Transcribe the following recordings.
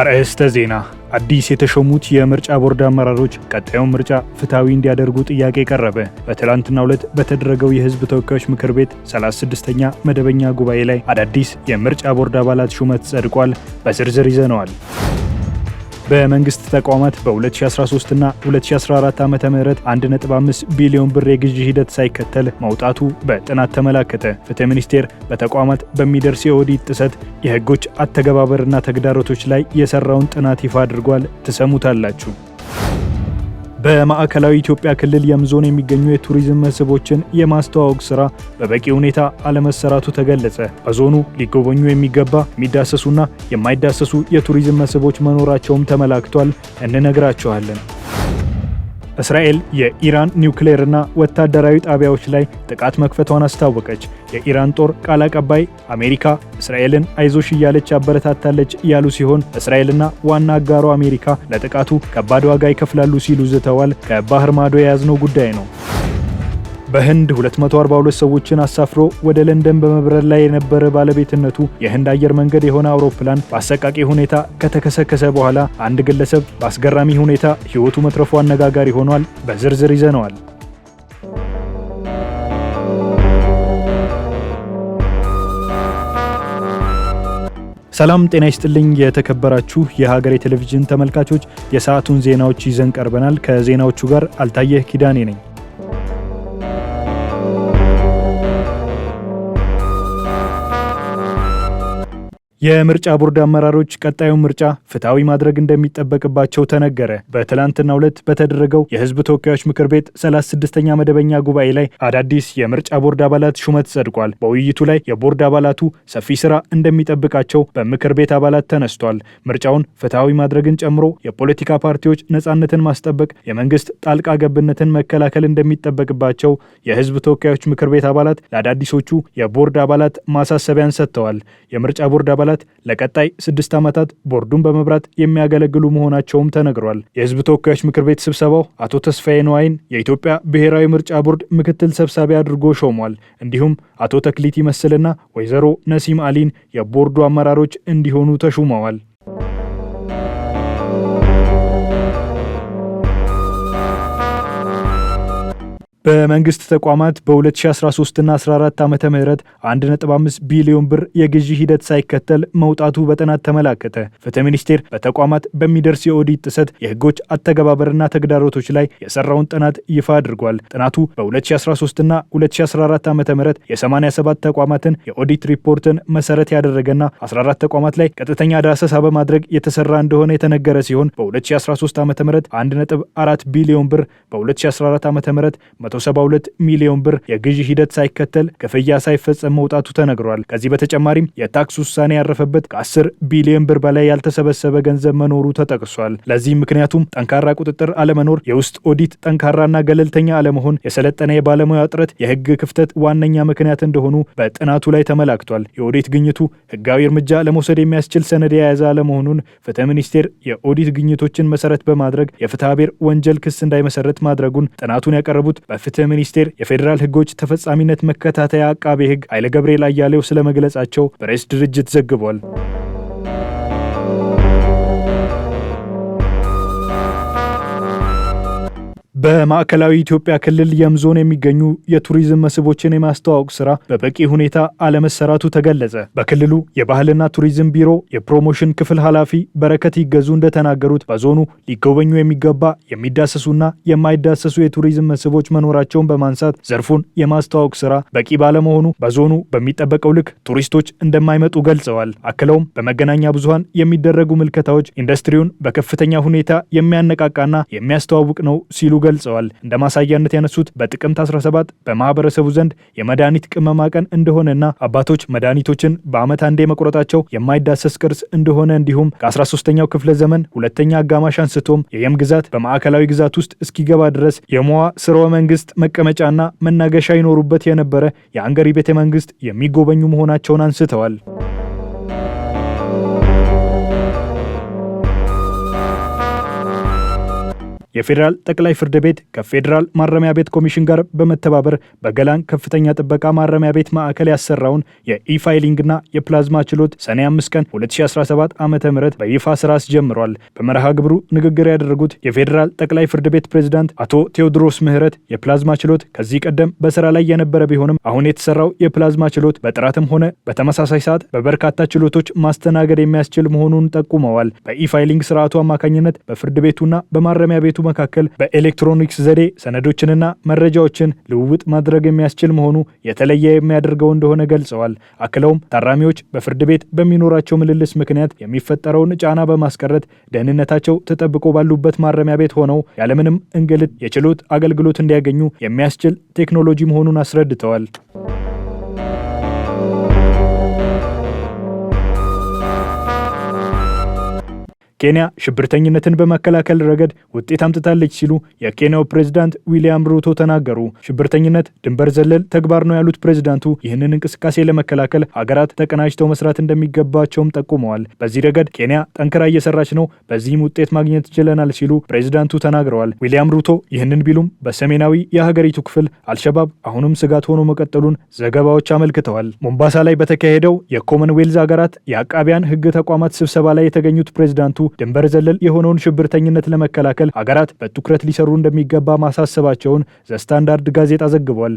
አርዕስተ ዜና። አዲስ የተሾሙት የምርጫ ቦርድ አመራሮች ቀጣዩን ምርጫ ፍትሐዊ እንዲያደርጉ ጥያቄ ቀረበ። በትላንትናው ዕለት በተደረገው የህዝብ ተወካዮች ምክር ቤት 36ኛ መደበኛ ጉባኤ ላይ አዳዲስ የምርጫ ቦርድ አባላት ሹመት ጸድቋል። በዝርዝር ይዘነዋል። በመንግስት ተቋማት በ2013 እና 2014 ዓ ም 1.5 ቢሊዮን ብር የግዢ ሂደት ሳይከተል መውጣቱ በጥናት ተመላከተ። ፍትህ ሚኒስቴር በተቋማት በሚደርስ የኦዲት ጥሰት የህጎች አተገባበርና ተግዳሮቶች ላይ የሰራውን ጥናት ይፋ አድርጓል። ትሰሙታላችሁ። በማዕከላዊ ኢትዮጵያ ክልል የም ዞን የሚገኙ የቱሪዝም መስህቦችን የማስተዋወቅ ስራ በበቂ ሁኔታ አለመሰራቱ ተገለጸ። በዞኑ ሊጎበኙ የሚገባ የሚዳሰሱና የማይዳሰሱ የቱሪዝም መስህቦች መኖራቸውም ተመላክቷል። እንነግራችኋለን። እስራኤል የኢራን ኒውክሌርና ወታደራዊ ጣቢያዎች ላይ ጥቃት መክፈቷን አስታወቀች። የኢራን ጦር ቃል አቀባይ አሜሪካ እስራኤልን አይዞሽ እያለች አበረታታለች ያሉ ሲሆን እስራኤልና ዋና አጋሯ አሜሪካ ለጥቃቱ ከባድ ዋጋ ይከፍላሉ ሲሉ ዝተዋል። ከባህር ማዶ የያዝነው ጉዳይ ነው። በህንድ 242 ሰዎችን አሳፍሮ ወደ ለንደን በመብረር ላይ የነበረ ባለቤትነቱ የህንድ አየር መንገድ የሆነ አውሮፕላን በአሰቃቂ ሁኔታ ከተከሰከሰ በኋላ አንድ ግለሰብ በአስገራሚ ሁኔታ ህይወቱ መትረፉ አነጋጋሪ ሆኗል። በዝርዝር ይዘነዋል። ሰላም ጤና ይስጥልኝ። የተከበራችሁ የሀገሬ ቴሌቪዥን ተመልካቾች የሰዓቱን ዜናዎች ይዘን ቀርበናል። ከዜናዎቹ ጋር አልታየህ ኪዳኔ ነኝ። የምርጫ ቦርድ አመራሮች ቀጣዩን ምርጫ ፍትሐዊ ማድረግ እንደሚጠበቅባቸው ተነገረ። በትላንትናው ዕለት በተደረገው የህዝብ ተወካዮች ምክር ቤት 36ኛ መደበኛ ጉባኤ ላይ አዳዲስ የምርጫ ቦርድ አባላት ሹመት ጸድቋል። በውይይቱ ላይ የቦርድ አባላቱ ሰፊ ስራ እንደሚጠብቃቸው በምክር ቤት አባላት ተነስቷል። ምርጫውን ፍትሐዊ ማድረግን ጨምሮ የፖለቲካ ፓርቲዎች ነጻነትን ማስጠበቅ፣ የመንግስት ጣልቃ ገብነትን መከላከል እንደሚጠበቅባቸው የህዝብ ተወካዮች ምክር ቤት አባላት ለአዳዲሶቹ የቦርድ አባላት ማሳሰቢያን ሰጥተዋል። የምርጫ ቦርድ አባላት ለቀጣይ ስድስት ዓመታት ቦርዱን በመብራት የሚያገለግሉ መሆናቸውም ተነግሯል። የህዝብ ተወካዮች ምክር ቤት ስብሰባው አቶ ተስፋዬ ነዋይን የኢትዮጵያ ብሔራዊ ምርጫ ቦርድ ምክትል ሰብሳቢ አድርጎ ሾሟል። እንዲሁም አቶ ተክሊት ይመስልና ወይዘሮ ነሲም አሊን የቦርዱ አመራሮች እንዲሆኑ ተሹመዋል። በመንግስት ተቋማት በ2013 እና 14 ዓ ም 1.5 ቢሊዮን ብር የግዢ ሂደት ሳይከተል መውጣቱ በጥናት ተመላከተ። ፍትህ ሚኒስቴር በተቋማት በሚደርስ የኦዲት ጥሰት የህጎች አተገባበርና ተግዳሮቶች ላይ የሰራውን ጥናት ይፋ አድርጓል። ጥናቱ በ2013 እና 2014 ዓ ም የ87 ተቋማትን የኦዲት ሪፖርትን መሰረት ያደረገና 14 ተቋማት ላይ ቀጥተኛ ዳሰሳ በማድረግ የተሰራ እንደሆነ የተነገረ ሲሆን በ2013 ዓ ም 1.4 ቢሊዮን ብር በ2014 ዓ ም 172 ሚሊዮን ብር የግዢ ሂደት ሳይከተል ክፍያ ሳይፈጸም መውጣቱ ተነግሯል። ከዚህ በተጨማሪም የታክስ ውሳኔ ያረፈበት ከ10 ቢሊዮን ብር በላይ ያልተሰበሰበ ገንዘብ መኖሩ ተጠቅሷል። ለዚህም ምክንያቱም ጠንካራ ቁጥጥር አለመኖር፣ የውስጥ ኦዲት ጠንካራና ገለልተኛ አለመሆን፣ የሰለጠነ የባለሙያ እጥረት፣ የህግ ክፍተት ዋነኛ ምክንያት እንደሆኑ በጥናቱ ላይ ተመላክቷል። የኦዲት ግኝቱ ህጋዊ እርምጃ ለመውሰድ የሚያስችል ሰነድ የያዘ አለመሆኑን ፍትህ ሚኒስቴር የኦዲት ግኝቶችን መሰረት በማድረግ የፍትሐ ብሔር ወንጀል ክስ እንዳይመሰረት ማድረጉን ጥናቱን ያቀረቡት ፍትህ ሚኒስቴር የፌዴራል ህጎች ተፈጻሚነት መከታተያ አቃቤ ህግ ኃይለ ገብርኤል አያሌው ስለመግለጻቸው በሬስ ድርጅት ዘግቧል። በማዕከላዊ ኢትዮጵያ ክልል የም ዞን የሚገኙ የቱሪዝም መስህቦችን የማስተዋወቅ ስራ በበቂ ሁኔታ አለመሰራቱ ተገለጸ። በክልሉ የባህልና ቱሪዝም ቢሮ የፕሮሞሽን ክፍል ኃላፊ በረከት ይገዙ እንደተናገሩት በዞኑ ሊጎበኙ የሚገባ የሚዳሰሱና የማይዳሰሱ የቱሪዝም መስህቦች መኖራቸውን በማንሳት ዘርፉን የማስተዋወቅ ስራ በቂ ባለመሆኑ በዞኑ በሚጠበቀው ልክ ቱሪስቶች እንደማይመጡ ገልጸዋል። አክለውም በመገናኛ ብዙሃን የሚደረጉ ምልከታዎች ኢንዱስትሪውን በከፍተኛ ሁኔታ የሚያነቃቃና የሚያስተዋውቅ ነው ሲሉ ገልጸዋል። እንደ ማሳያነት ያነሱት በጥቅምት 17 በማህበረሰቡ ዘንድ የመድኃኒት ቅመማ ቀን እንደሆነና አባቶች መድኃኒቶችን በዓመት አንዴ መቁረጣቸው የማይዳሰስ ቅርስ እንደሆነ እንዲሁም ከ13ኛው ክፍለ ዘመን ሁለተኛ አጋማሽ አንስቶም የየም ግዛት በማዕከላዊ ግዛት ውስጥ እስኪገባ ድረስ የሞዋ ስርወ መንግስት መቀመጫና መናገሻ ይኖሩበት የነበረ የአንገሪ ቤተ መንግስት የሚጎበኙ መሆናቸውን አንስተዋል። የፌዴራል ጠቅላይ ፍርድ ቤት ከፌዴራል ማረሚያ ቤት ኮሚሽን ጋር በመተባበር በገላን ከፍተኛ ጥበቃ ማረሚያ ቤት ማዕከል ያሰራውን የኢፋይሊንግና የፕላዝማ ችሎት ሰኔ 5 ቀን 2017 ዓ ም በይፋ ስራ አስጀምሯል። በመርሃ ግብሩ ንግግር ያደረጉት የፌዴራል ጠቅላይ ፍርድ ቤት ፕሬዝዳንት አቶ ቴዎድሮስ ምህረት የፕላዝማ ችሎት ከዚህ ቀደም በስራ ላይ የነበረ ቢሆንም አሁን የተሰራው የፕላዝማ ችሎት በጥራትም ሆነ በተመሳሳይ ሰዓት በበርካታ ችሎቶች ማስተናገድ የሚያስችል መሆኑን ጠቁመዋል። በኢፋይሊንግ ስርዓቱ አማካኝነት በፍርድ ቤቱና በማረሚያ ቤቱ መካከል በኤሌክትሮኒክስ ዘዴ ሰነዶችንና መረጃዎችን ልውውጥ ማድረግ የሚያስችል መሆኑ የተለየ የሚያደርገው እንደሆነ ገልጸዋል። አክለውም ታራሚዎች በፍርድ ቤት በሚኖራቸው ምልልስ ምክንያት የሚፈጠረውን ጫና በማስቀረት ደህንነታቸው ተጠብቆ ባሉበት ማረሚያ ቤት ሆነው ያለምንም እንግልት የችሎት አገልግሎት እንዲያገኙ የሚያስችል ቴክኖሎጂ መሆኑን አስረድተዋል። ኬንያ ሽብርተኝነትን በመከላከል ረገድ ውጤት አምጥታለች ሲሉ የኬንያው ፕሬዝዳንት ዊሊያም ሩቶ ተናገሩ። ሽብርተኝነት ድንበር ዘለል ተግባር ነው ያሉት ፕሬዝዳንቱ ይህንን እንቅስቃሴ ለመከላከል ሀገራት ተቀናጅተው መስራት እንደሚገባቸውም ጠቁመዋል። በዚህ ረገድ ኬንያ ጠንክራ እየሰራች ነው፣ በዚህም ውጤት ማግኘት ችለናል ሲሉ ፕሬዝዳንቱ ተናግረዋል። ዊሊያም ሩቶ ይህንን ቢሉም በሰሜናዊ የሀገሪቱ ክፍል አልሸባብ አሁንም ስጋት ሆኖ መቀጠሉን ዘገባዎች አመልክተዋል። ሞምባሳ ላይ በተካሄደው የኮመንዌልዝ ሀገራት የአቃቢያን ህግ ተቋማት ስብሰባ ላይ የተገኙት ፕሬዝዳንቱ ድንበር ዘለል የሆነውን ሽብርተኝነት ለመከላከል ሀገራት በትኩረት ሊሰሩ እንደሚገባ ማሳሰባቸውን ዘስታንዳርድ ጋዜጣ ዘግቧል።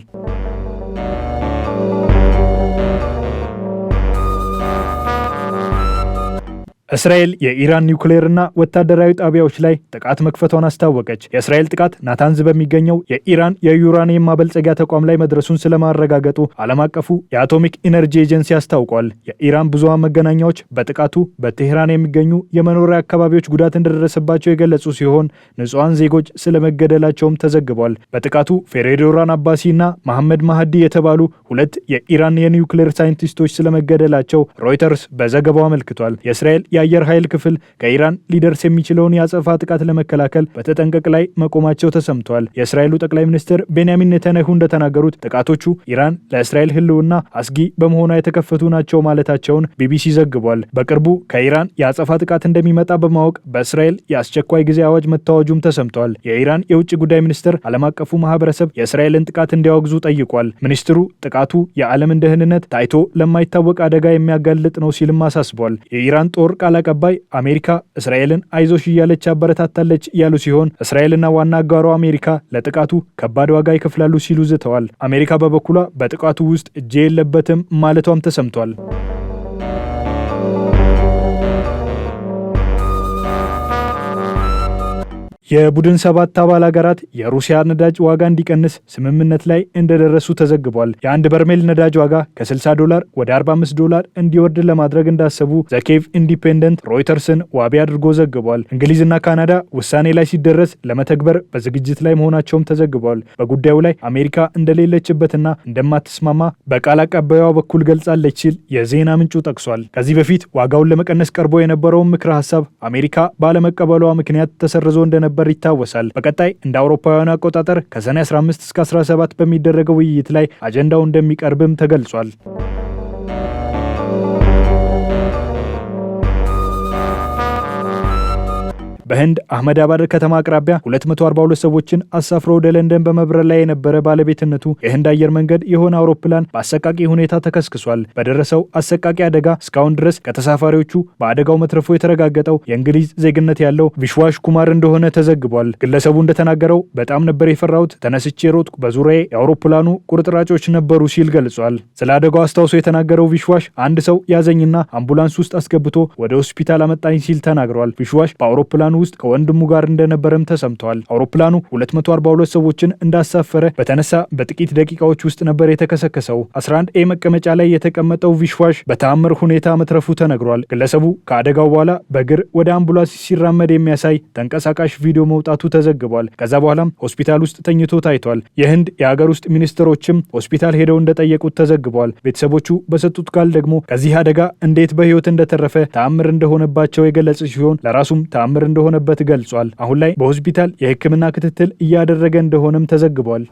እስራኤል የኢራን ኒውክሌርና ወታደራዊ ጣቢያዎች ላይ ጥቃት መክፈቷን አስታወቀች። የእስራኤል ጥቃት ናታንዝ በሚገኘው የኢራን የዩራኒየም ማበልጸጊያ ተቋም ላይ መድረሱን ስለማረጋገጡ ዓለም አቀፉ የአቶሚክ ኢነርጂ ኤጀንሲ አስታውቋል። የኢራን ብዙሃን መገናኛዎች በጥቃቱ በቴህራን የሚገኙ የመኖሪያ አካባቢዎች ጉዳት እንደደረሰባቸው የገለጹ ሲሆን ንጹሐን ዜጎች ስለመገደላቸውም ተዘግቧል። በጥቃቱ ፌሬዶራን አባሲ እና መሐመድ ማሀዲ የተባሉ ሁለት የኢራን የኒውክሌር ሳይንቲስቶች ስለመገደላቸው ሮይተርስ በዘገባው አመልክቷል። የእስራኤል የአየር ኃይል ክፍል ከኢራን ሊደርስ የሚችለውን የአጸፋ ጥቃት ለመከላከል በተጠንቀቅ ላይ መቆማቸው ተሰምቷል። የእስራኤሉ ጠቅላይ ሚኒስትር ቤንያሚን ኔታንያሁ እንደተናገሩት ጥቃቶቹ ኢራን ለእስራኤል ሕልውና አስጊ በመሆኗ የተከፈቱ ናቸው ማለታቸውን ቢቢሲ ዘግቧል። በቅርቡ ከኢራን የአጸፋ ጥቃት እንደሚመጣ በማወቅ በእስራኤል የአስቸኳይ ጊዜ አዋጅ መታወጁም ተሰምቷል። የኢራን የውጭ ጉዳይ ሚኒስትር ዓለም አቀፉ ማህበረሰብ የእስራኤልን ጥቃት እንዲያወግዙ ጠይቋል። ሚኒስትሩ ጥቃቱ የዓለምን ደህንነት ታይቶ ለማይታወቅ አደጋ የሚያጋልጥ ነው ሲልም አሳስቧል። የኢራን ጦር ቃል አቀባይ አሜሪካ እስራኤልን አይዞሽ እያለች አበረታታለች ያሉ ሲሆን እስራኤልና ዋና አጋሯ አሜሪካ ለጥቃቱ ከባድ ዋጋ ይከፍላሉ ሲሉ ዝተዋል። አሜሪካ በበኩሏ በጥቃቱ ውስጥ እጄ የለበትም ማለቷም ተሰምቷል። የቡድን ሰባት አባል ሀገራት የሩሲያ ነዳጅ ዋጋ እንዲቀንስ ስምምነት ላይ እንደደረሱ ተዘግቧል። የአንድ በርሜል ነዳጅ ዋጋ ከ60 ዶላር ወደ 45 ዶላር እንዲወርድ ለማድረግ እንዳሰቡ ዘኬቭ ኢንዲፔንደንት ሮይተርስን ዋቢ አድርጎ ዘግቧል። እንግሊዝና ካናዳ ውሳኔ ላይ ሲደረስ ለመተግበር በዝግጅት ላይ መሆናቸውም ተዘግቧል። በጉዳዩ ላይ አሜሪካ እንደሌለችበትና እንደማትስማማ በቃል አቀባይዋ በኩል ገልጻለች ሲል የዜና ምንጩ ጠቅሷል። ከዚህ በፊት ዋጋውን ለመቀነስ ቀርቦ የነበረውን ምክረ ሀሳብ አሜሪካ ባለመቀበሏ ምክንያት ተሰርዞ እንደነበር እንደነበር ይታወሳል። በቀጣይ እንደ አውሮፓውያኑ አቆጣጠር ከሰኔ 15 እስከ 17 በሚደረገው ውይይት ላይ አጀንዳው እንደሚቀርብም ተገልጿል። በህንድ አህመድ አባድ ከተማ አቅራቢያ 242 ሰዎችን አሳፍሮ ወደ ለንደን በመብረር ላይ የነበረ ባለቤትነቱ የህንድ አየር መንገድ የሆነ አውሮፕላን በአሰቃቂ ሁኔታ ተከስክሷል። በደረሰው አሰቃቂ አደጋ እስካሁን ድረስ ከተሳፋሪዎቹ በአደጋው መትረፉ የተረጋገጠው የእንግሊዝ ዜግነት ያለው ቪሽዋሽ ኩማር እንደሆነ ተዘግቧል። ግለሰቡ እንደተናገረው በጣም ነበር የፈራሁት፣ ተነስቼ ሮጥኩ፣ በዙሪያዬ የአውሮፕላኑ ቁርጥራጮች ነበሩ ሲል ገልጿል። ስለ አደጋው አስታውሶ የተናገረው ቪሽዋሽ አንድ ሰው ያዘኝና አምቡላንስ ውስጥ አስገብቶ ወደ ሆስፒታል አመጣኝ ሲል ተናግሯል። ቪሽዋሽ በአውሮፕላኑ ውስጥ ከወንድሙ ጋር እንደነበረም ተሰምተዋል። አውሮፕላኑ 242 ሰዎችን እንዳሳፈረ በተነሳ በጥቂት ደቂቃዎች ውስጥ ነበር የተከሰከሰው። 11 ኤ መቀመጫ ላይ የተቀመጠው ቪሽዋሽ በተአምር ሁኔታ መትረፉ ተነግሯል። ግለሰቡ ከአደጋው በኋላ በእግር ወደ አምቡላንስ ሲራመድ የሚያሳይ ተንቀሳቃሽ ቪዲዮ መውጣቱ ተዘግቧል። ከዛ በኋላም ሆስፒታል ውስጥ ተኝቶ ታይቷል። የህንድ የሀገር ውስጥ ሚኒስትሮችም ሆስፒታል ሄደው እንደጠየቁት ተዘግቧል። ቤተሰቦቹ በሰጡት ቃል ደግሞ ከዚህ አደጋ እንዴት በህይወት እንደተረፈ ተአምር እንደሆነባቸው የገለጸ ሲሆን ለራሱም ተአምር እንደሆነ እንደሆነበት ገልጿል። አሁን ላይ በሆስፒታል የህክምና ክትትል እያደረገ እንደሆነም ተዘግቧል።